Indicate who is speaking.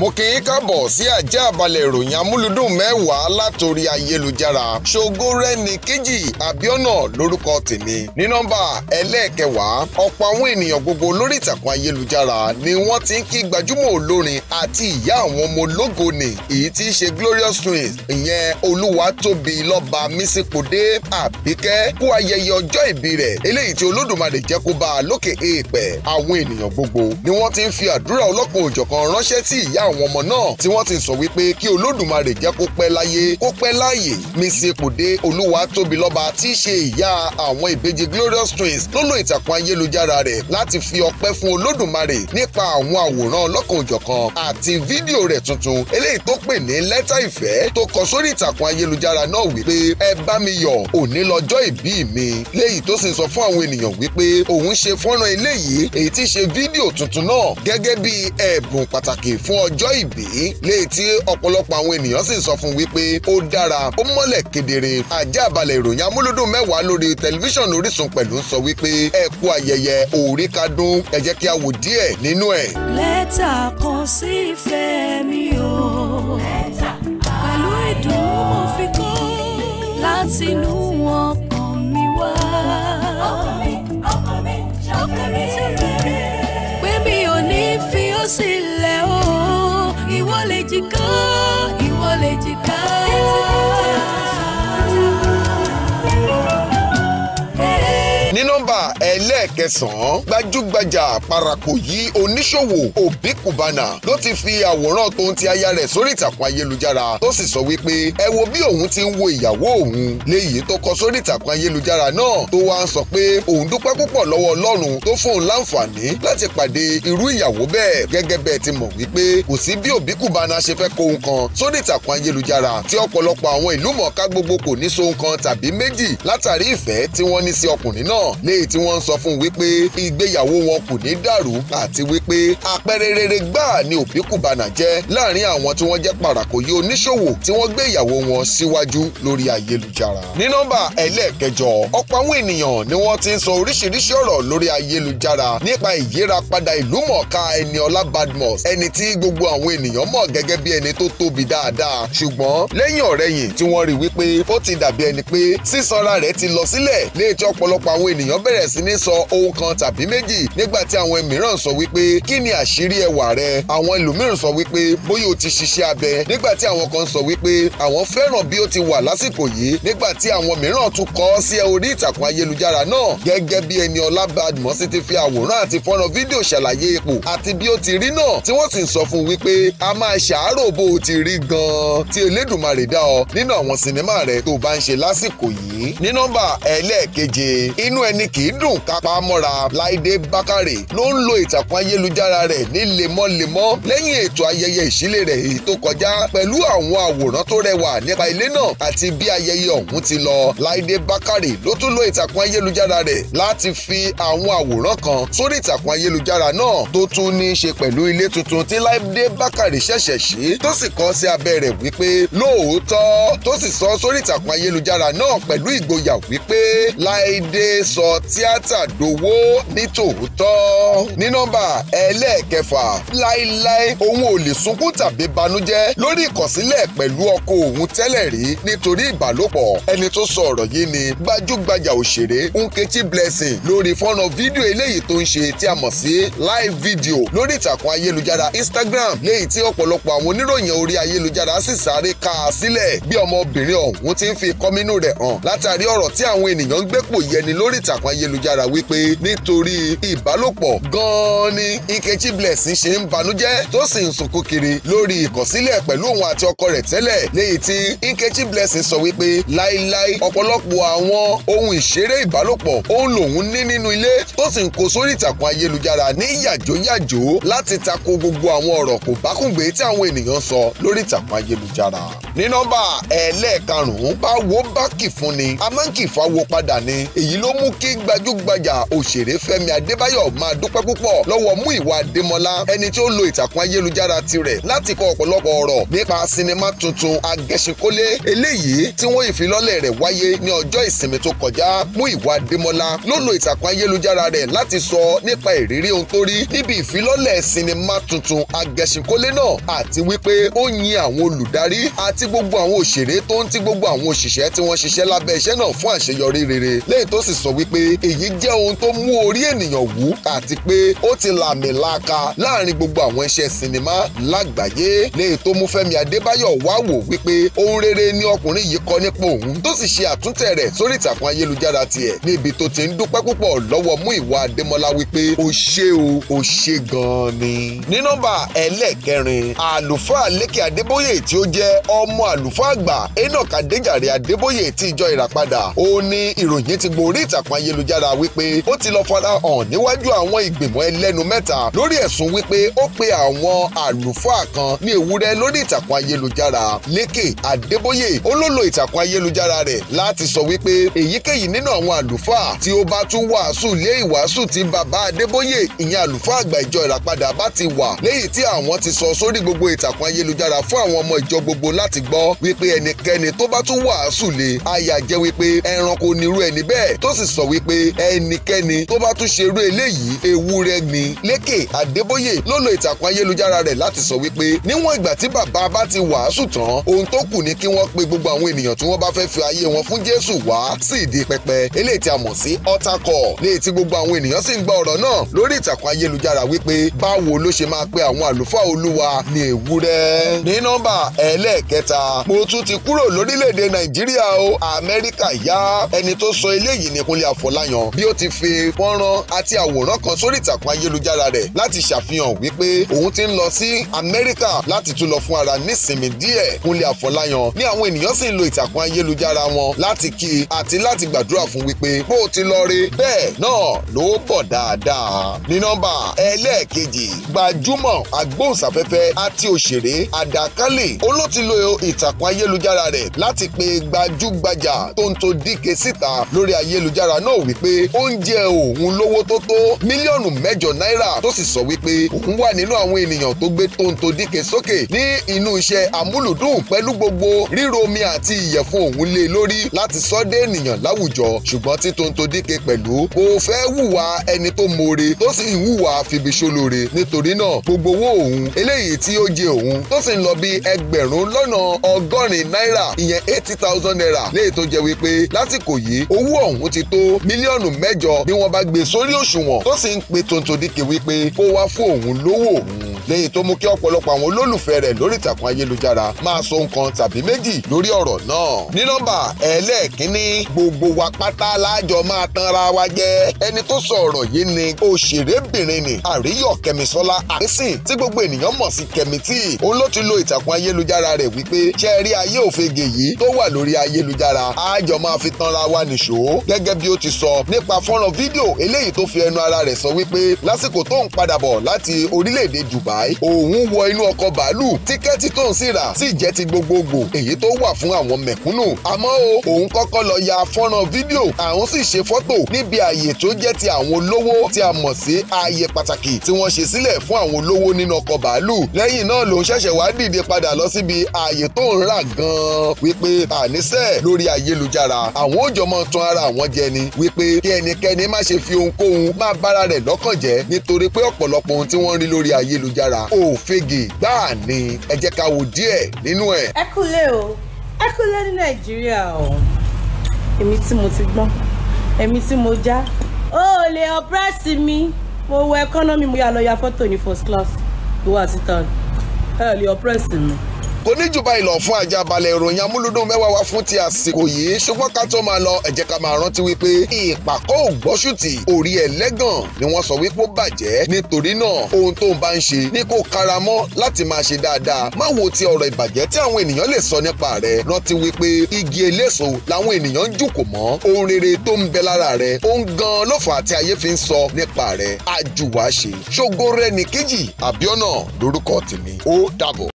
Speaker 1: mo kì í káàbọ̀ sí ajá balẹ̀ ìròyìn amúlùdùn mẹ́wàá látòrí ayélujára ṣògo rẹni kejì abiona lórúkọ tèmi ní nọ́mbà ẹlẹ́ẹ̀kẹwàá ọ̀pọ̀ àwọn ènìyàn gbogbo lórí ìtàkùn ayélujára ni wọ́n ti ń kí gbajúmọ̀ olórin àti ìyá àwọn ọmọ ológo nì èyí tí í ṣe glorious twins ìyẹn olúwatóbi lọ́ba mísípòdé àbíkẹ́ kú ayẹyẹ ọjọ́ ìbí rẹ̀ eléyìí tí olódùmarè jẹ́ kó bá a lókè èèpẹ̀ àwọn ènìyàn gbogbo ni wọ́n ti ń fi àdúrà ọlọ́kan òjọ̀kan ránṣẹ́ sí ìyá àwọn ọmọ náà tí wọ́n ti sọ wípé kí olódùmarè jẹ́ kó pẹ́ láyé kó pẹ́ láàyè mísípòdé olúwatóbilọ́ba tí í ṣe ìyá àwọn ìbejì glorious twins lónà ìtàkùn ayélujára rẹ̀ láti fi ọpẹ́ fún olódùmarè nípa àwọn àwòrán ọlọ́kan ò àti fídíò rẹ̀ tuntun eléyìí tó pè ní lẹ́tà ìfẹ́ tó kọ sórí ìtàkùn ayélujára náà wípé ẹ bá mi yọ̀ òní lọ́jọ́ ìbí mi léyìí tó sì sọ fún àwọn ènìyàn wípé òun ṣe fọ́nrán eléyìí èyí tí ṣe fídíò tuntun náà gẹ́gẹ́ ọjọ́ ìbí léyìí tí ọ̀pọ̀lọpọ̀ àwọn ènìyàn sì sọ fún wípé ó dára ó mọ́lẹ̀ kedere àjẹ́ àbálẹ̀ ìròyìn amúlùdùn mẹ́wàá lórí tẹlifíṣàn Orísun pẹ̀lú sọ wípé ẹ kú ayẹyẹ òòrí kádùn ẹ jẹ́ kí a wò díẹ̀ nínú ẹ̀. lẹ́tà kan sí ìfẹ́ mi o pẹ̀lú ìdùnnú mo fi kọ́ láti inú ọkàn mi wá. ọkàn mi ọkàn mi ṣàfẹ́rẹ́ pé mi ò ní fi ó sílẹ̀ o lè jìkà ìwọ lè jìkà. kẹsàn-án gbajúgbajà parako yìí oníṣòwò òbí kùbánà ló ti fi àwòrán tòun ti aya rẹ̀ sórí ìtàkùn ayélujára tó sì sọ wípé ẹ wo bí òun ti ń wo ìyàwó òun léyìí tó kọ sórí ìtàkùn ayélujára náà tó wá ń sọ pé òun dúpẹ́ púpọ̀ lọ́wọ́ ọlọ́run tó fún òun láǹfààní láti pàdé irú ìyàwó bẹ́ẹ̀ gẹ́gẹ́ bẹ́ẹ̀ ti mọ̀ wípé kò sí bí òbí kùbánà ṣe fẹ́ kó ohun kan sórí ìtàkùn ayélujára tí ọ̀pọ̀lọpọ̀ àwọn ìlú mọ̀ọ́ká gbogbo kò ní so ohun tàbí méjì látàrí ìfẹ́ tí wọ́n ní sí ọkùnrin náà léyìí tí wọ́n ń sọ fún wípé ìgbéyàwó wọn kò ní dàrú àti wípé àpẹẹrẹ rere gbáà ni òbíkùbánà jẹ́ láàrin àwọn tí wọ́n jẹ́ pàràkòyé oníṣòwò tí wọ́n gbé wọn síwájú lórí ayélujára. ní nọ́mbà ẹlẹ́ẹ̀kẹjọ ọ̀pọ̀ àwọn ènìyàn ni wọ́n ti ń sọ oríṣiríṣi ọ̀rọ̀ lórí ayélujára nípa ìyírapadà ìlúmọ̀ọ́ká Ẹniọlá Badmus ẹni tí gbogbo àwọn ènìyàn mọ̀ gẹ́gẹ́ bí ẹni tó tóbi dáadáa ṣùgbọ́n lẹ́yìn ọ̀rẹ́yìn tí wọ́n rí wípé ó ti dàbí ẹni pé sísanra rẹ̀ ti lọ sílẹ̀ léètí ọ̀pọ̀lọpọ̀ àwọn ènìyàn bẹ̀rẹ̀ sí ní sọ ohun kan tàbí méjì nígbà tí àwọn mìíràn sọ wípé kí ni àṣírí ẹwà rẹ àwọn ẹlòmíràn sọ wípé bóyá o ti ṣiṣẹ́ abẹ nígbà tí àwọn kan sọ wípé àwọn fẹ́ràn bí ó ti wà lásìkò yìí nígbà tí àwọn mìíràn tún kọ sí orí ìtàkùn ayélujára náà gẹ́gẹ́ bí ẹni ọlá Badmosi ti fi àwòrán àti fọ́nrán fídíò ṣàlàyé ipò àti bí ó ti rí náà tí wọ́n sì ń sọ fún wípé a máa ṣàárò bó o ti rí gan-an tí Elédùmarè dá ọ nínú àwọn sinimá rẹ tó bá ń ṣe lásìkò yìí ní nọ́mbà ẹlẹ́ẹ̀keje inú ẹni kì í dùn kápá kámọ́ra láìdé bákàrè ló ń lo ìtàkùn ayélujára rẹ̀ ní lemọ́lemọ́ lẹ́yìn ètò ayẹyẹ ìṣílé rẹ̀ èyí tó kọjá pẹ̀lú àwọn àwòrán tó rẹwà nípa ilé náà àti bí ayẹyẹ ọ̀hún ti lọ láìdé bákàrè ló tún lo ìtàkùn ayélujára rẹ̀ láti fi àwọn àwòrán kan sórí ìtàkùn ayélujára náà tó tún ní í ṣe pẹ̀lú ilé tuntun tí láìdé bákàrè ṣẹ̀ṣẹ̀ ṣe tó sì kọ sí abẹ́ rẹ̀ wípé lóòótọ́ tó sì sọ sórí ìtàkùn ayélujára náà pẹ̀lú ìgboyà wípé láìdé sọ tíátà do owó ní tòótọ́ ní nọ́mbà ẹlẹ́ẹ̀kẹfà láíláí òun ò lè sunkún tàbí banújẹ́ lórí ìkọ̀sílẹ̀ pẹ̀lú ọkọ òun tẹ́lẹ̀ rí nítorí ìbálòpọ̀ ẹni tó sọ ọ̀rọ̀ yìí ni gbajúgbajà òṣèré Nkechi Blessing lórí fọ́nà fídíò eléyìí tó ń ṣe tí a mọ̀ sí live video lórí ìtàkùn ayélujára Instagram léyìí tí ọ̀pọ̀lọpọ̀ àwọn oníròyìn orí ayélujára sì sáré ká a sílẹ̀ bí ọmọbìnrin ọ̀hún ti ń fi kọ́mínú rẹ̀ hàn látàrí ọ̀rọ̀ tí àwọn ènìyàn ń gbépò yẹni lórí ìtàkùn ayélujára wípé nítorí ìbálòpọ̀ gan-an ni Nkechi Blessing ṣe ń banújẹ́ tó sì ń sunkún kiri lórí ìkọ̀sílẹ̀ pẹ̀lú òun àti ọkọ rẹ̀ tẹ́lẹ̀ léyìí tí Nkechi Blessing sọ wípé láíláí ọ̀pọ̀lọpọ̀ àwọn ohun ìṣeré ìbálòpọ̀ òun lòun ní nínú ilé tó sì ń kó sórí ìtàkùn ayélujára ní yàjóyàjó láti tako gbogbo àwọn ọ̀rọ̀ kò bákùngbé tí àwọn ènìyàn sọ lórí ìtàkùn ayélujára. ní nọ́mbà ẹlẹ́ẹ̀karùn-ún báwo bá kì fún ni a máa ń kì fáwọ́ padà ni èyí ló mú kí gbajúgbajà òṣèré Fẹ́mi Adébáyọ̀ máa dúpẹ́ púpọ̀ lọ́wọ́ Múyìwá Adémọ́lá ẹni tí ó lo ìtàkùn ayélujára tirẹ̀ láti kọ ọ̀pọ̀lọpọ̀ ọ̀rọ̀ nípa sinimá tuntun Agẹṣinkólé eléyìí tí wọ́n ìfilọ́lẹ̀ rẹ̀ wáyé ní ọjọ́ ìsinmi tó kọjá Múyìwá Adémọ́lá ló lo ìtàkùn ayélujára rẹ̀ láti sọ nípa ìrírí ohun tó rí níbi ìfilọ́lẹ̀ sinimá tuntun Agẹṣinkólé náà àti wípé ó yin àwọn olùdarí àti gbogbo àwọn òṣèré tó ń ti gbogbo àwọn òṣìṣẹ́ tí wọ́n ṣiṣẹ́ lábẹ́ iṣẹ́ náà fún àṣeyọrí rere lẹ́yìn tó sì sọ wípé èyí jẹ́ ohun tó mú orí ènìyàn wú àti pé ó ti làmìlaka láàrin gbogbo àwọn iṣẹ́ sinimá lágbàáyé ní ètò múfẹ́mi adébáyọ̀ wá wò wípé ohun rere ni ọkùnrin yìí kọ nípa òun tó sì ṣe àtúntẹ̀ rẹ̀ sórí ìtàkùn ayélujára tiẹ̀ níbi tó ti ń dúpẹ́ púpọ̀ lọ́wọ́ Múyìwá adémọ́lá wípé ó ṣe o ó ṣe gan-an ni. ní nọ́mbà ẹlẹ́ẹ̀kẹrin àlùfáà lékè adébóyè tí ó jẹ́ ọmọ àlùfáà àgbà enoch adéjàre adébóyè ti ìjọ ìràpadà ó ní ìròyìn ti gborí ìtàkùn ayélujára wípé ó ti lọ fara hàn níwájú àwọn ìgbìmọ̀ ẹlẹ́nu mẹ́ta lórí ẹ̀sùn wípé ó pe àwọn àlùfáà kan ní ewúrẹ́ lórí ìtàkùn ayélujára lékè adébóyè ó ló lo ìtàkùn ayélujára rẹ̀ láti sọ wípé èyíkéyìí nínú àwọn àlùfáà tí ó bá tún wàásù lé ìwàásù tí bàbá adébóyè ìyẹn àlùfáà àgbà ìjọ ìràpadà bá ti wà léyìí tí àwọn ti sọ sórí gbogbo ìtàkùn ayélujára fún àwọn ọmọ ìjọ gbogbo láti gbọ́ wípé ẹnikẹ́ni tó bá tún wàásù lé àyà jẹ́ wípé ẹranko nírú ẹni bẹ́ẹ̀ tó sì sọ wípé ẹnikẹ́ni ẹnikẹ́ni tó bá tún ṣe irú eléyìí ewúrẹ́ ni lékè adébóyè ló lo ìtàkùn ayélujára rẹ̀ láti sọ wípé níwọ̀n ìgbà tí bàbá bá ti wàásù tán ohun tó kù ni kí wọ́n pe gbogbo àwọn ènìyàn tí wọ́n bá fẹ́ fi ayé wọn fún jésù wá sí ìdí pẹpẹ eléyìí tí a mọ̀ sí altar call léyìí gbogbo àwọn ènìyàn sì ń gba ọ̀rọ̀ náà lórí ìtàkùn ayélujára wípé báwo ló ṣe máa pe àwọn àlùfáà olúwa ní ewúrẹ́ ní nọ́mbà ẹlẹ́ẹ̀kẹta mo tún ti kúrò lórílẹ̀‐èdè nàìjíríà o amẹ́ríkà yá ẹni tó sọ eléyìí ni kúnlé àfọláyàn bí ó ti fi fọ́nrán àti àwòrán kan sórí ìtàkùn ayélujára rẹ̀ láti ṣàfihàn wípé òun ti ń lọ sí Amẹ́ríkà láti tún lọ fún ara nísinmi díẹ̀ Kúnlé Àfọláyàn ní àwọn ènìyàn sì ń lo ìtàkùn ayélujára wọn láti kí i àti láti gbàdúrà fún wípé bó o ti lọ rí bẹ́ẹ̀ náà ló bọ̀ dáadáa ní nọ́mbà ẹlẹ́ẹ̀kejì gbajúmọ̀ agbóhùnsáfẹ́fẹ́ àti òṣèré àdàkálì olóòtú lo ìtàkùn ayélujára rẹ̀ láti pe gbajúgbajà Tonto Dike síta lórí ayélujára náà wípé oúnj jẹ òun lówó tó tó mílíọ̀nù mẹ́jọ náírà tó sì sọ wípé òun wà nínú àwọn ènìyàn tó gbé tóńtó díke sókè ní inú iṣẹ́ amúlùdùn pẹ̀lú gbogbo ríro omi àti ìyẹ̀fun òun lé lórí láti sọ dé ènìyàn láwùjọ ṣùgbọ́n tí tóńtó díke pẹ̀lú kò fẹ́ hùwà ẹni tó more tó sì ń hùwà fibiṣólore nítorí náà gbogbo owó òun eléyìí tí ó jẹ òun tó sì ń lọ bí ẹgbẹ̀rún lọ́nà ọgọ́rin náírà ìyẹn eighty thousand naira léyìí tó jẹ́ wípé lásìkò yìí owó ọ̀hún ti tó mílíọ̀nù mẹ́jọ bí wọ́n bá gbé e sórí òṣùwọ̀n tó sì ń pe tontondike wípé kó wá fún òun lówó òun léyìí tó mú kí ọ̀pọ̀lọpọ̀ àwọn olólùfẹ́ rẹ̀ lórí ìtàkùn ayélujára máa sọ nǹkan tàbí méjì lórí ọ̀rọ̀ náà. ní nọ́mbà ẹlẹ́ẹ̀kínní gbogbo wa pátá láàjọ máa tanra wa jẹ ẹni tó sọ ọ̀rọ̀ yìí ni òṣèrébìnrin ni àríyọ̀ kẹmisọ́lá àrísìn tí gbogbo ènìyàn mọ̀ sí kẹmitì òun ló ti lo ìtàkùn ayélujára rẹ̀ wípé ṣe ayé òfegè yìí tó wà lórí ayélujára àjọ máa fi tanra wa nìṣó gẹ́gẹ́ bí ó ti sọ nípa fọ́nrán fídíò eléyìí tó fi ẹnu ara rẹ̀ sọ wípé lásìkò tó ń padà bọ̀ láti orílẹ̀-èdè Dubai Dubai òun wọ inú ọkọ̀ bàálù tíkẹ́ẹ̀tì tó ń sì rà sì jẹ́ ti gbogbogbò èyí tó wà fún àwọn mẹ̀kúnnù àmọ́ o òun kọ́kọ́ lọ ya fọ́nrán fídíò àwọn sì ṣe fọ́tò níbi ààyè tó jẹ́ ti àwọn olówó tí a mọ̀ sí ààyè pàtàkì tí wọ́n ṣe sílẹ̀ fún àwọn olówó nínú ọkọ̀ bàálù lẹ́yìn náà lòun ṣẹ̀ṣẹ̀ wá dìde padà lọ síbi ààyè tó ń rà gan-an wípé àníṣe lórí ayélujára àwọn òjò mọ̀ tan ara àwọn jẹ ni wípé kí ẹnikẹ́ni má ṣe fi ohunkóhun má bára rẹ̀ lọ́kàn jẹ́ nítorí pé ọ̀pọ̀lọpọ̀ ohun tí wọ́n rí lórí ayélujára lára òfegè gbáà ni ẹ jẹ́ ká wo díẹ̀ nínú ẹ̀. ẹ kúlẹ̀ o ẹ kúlẹ̀ ní nàìjíríà o èmi tí mo ti gbọ́n èmi tí mo já ó lè ọ̀pẹ́sì mi mo wọ ẹkọ́nọ́mì mo yà lọ ya fọ́tò ní first class ìwọ àti tán ẹ lè ọ̀pẹ́sì mi kò ní jù báyìí lọ fún àjàbalẹ̀ ìròyìn amúlùdùn mẹ́wàá wa fún ti àsìkò yìí ṣùgbọ́n ká tó máa lọ ẹ jẹ́ ká máa rántí wípé ìpàkọ́ ògbọ́sùtì orí ẹlẹ́gàn ni wọ́n sọ wípé ó bàjẹ́ nítorí náà ohun tó ń bá ń ṣe ní kò karamọ́ láti máa ṣe dáadáa má wo ti ọ̀rọ̀ ìbàjẹ́ tí àwọn ènìyàn lè sọ nípa rẹ̀ rántí wípé igi eléso làwọn ènìyàn ń jùkò mọ́ ohun rere tó ń bẹ lára rẹ̀ ohun gan ló fà á tí ayé fi ń sọ nípa rẹ̀ àjùwà ṣe ṣògo rẹ̀ nìkejì àbíọ́nà lórúkọ tèmi ó dàbọ̀.